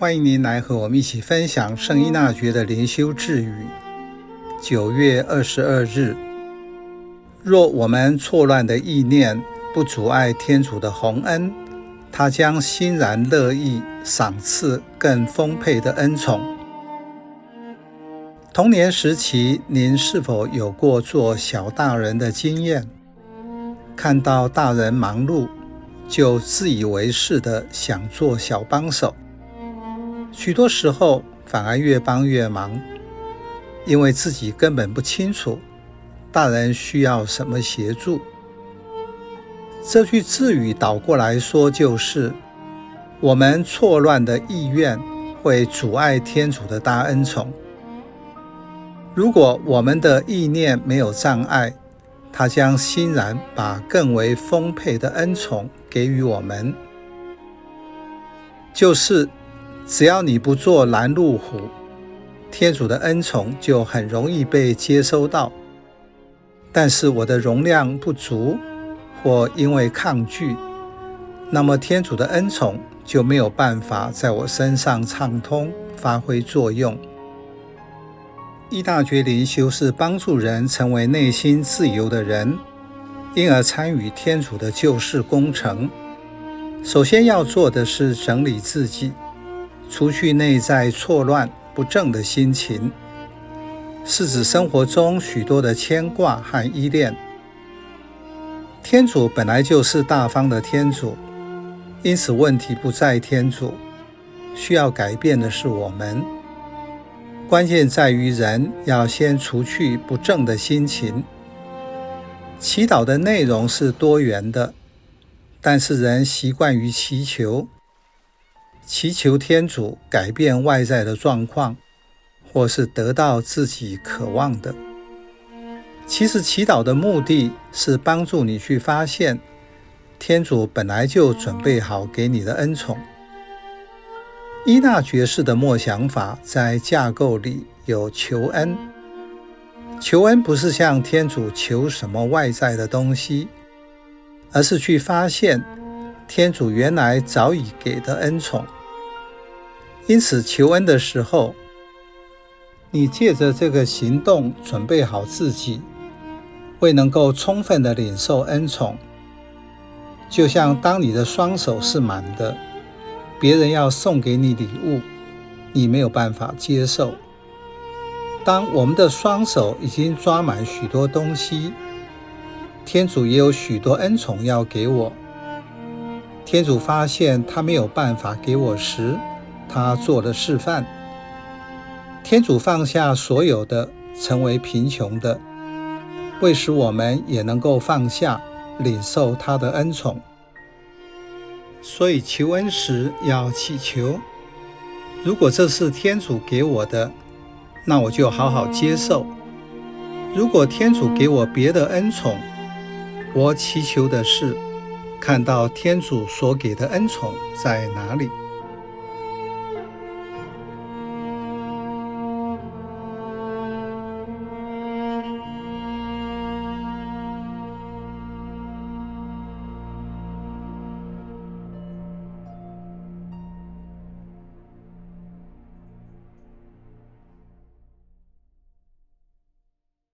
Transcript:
歡迎您來和我們一起分享聖依納爵的靈修智語。九月二十二日，若我們錯亂的意念不阻礙天主的鴻恩，他將欣然樂意賞賜更豐沛的恩寵。童年時期，您是否有過做小大人的經驗？看到大人忙碌，就自以為是的想做小幫手。許多時候反而越幫越忙，因為自己根本不清楚大人需要什麼協助。這句智語倒過來說就是：我們錯亂的意願會阻礙天主的大恩寵。如果我們的意念沒有障礙，祂將欣然把更為豐沛的恩寵給予我們。就是。只要你不做攔路虎，天主的恩寵就很容易被接收到。但是我的容量不足，或因為抗拒，那麼天主的恩寵就沒有辦法在我身上暢通發揮作用。依納爵靈修是幫助人成為內心自由的人，因而參與天主的救世工程。首先要做的是整理自己。除去內在錯亂不正的心情，是指生活中許多的牽掛和依戀。天主本來就是大方的天主，因此問題不在天主，需要改變的是我們。關鍵在於人要先除去不正的心情。祈禱的內容是多元的，但是人習慣於祈求。祈求天主改變外在的狀況，或是得到自己渴望的。其實祈禱的目的是幫助你去發現，天主本來就準備好給你的恩寵。依納爵式的默想法在架構裡有求恩，求恩不是向天主求什麼外在的東西，而是去發現天主原來早已給的恩寵。因此，求恩的時候，你借着這個行動準備好自己，為能夠充分的領受恩寵。就像當你的雙手是滿的，別人要送給你禮物，你沒有辦法接受。當我們的雙手已經抓滿許多東西，天主也有許多恩寵要給我。天主發現他沒有辦法給我時，他做了示範。天主放下所有的，成為貧窮的，為使我們也能夠放下，領受他的恩寵。所以求恩時要祈求：如果這是天主給我的，那我就好好接受；如果天主給我別的恩寵，我祈求的是看到天主所給的恩寵在哪裡？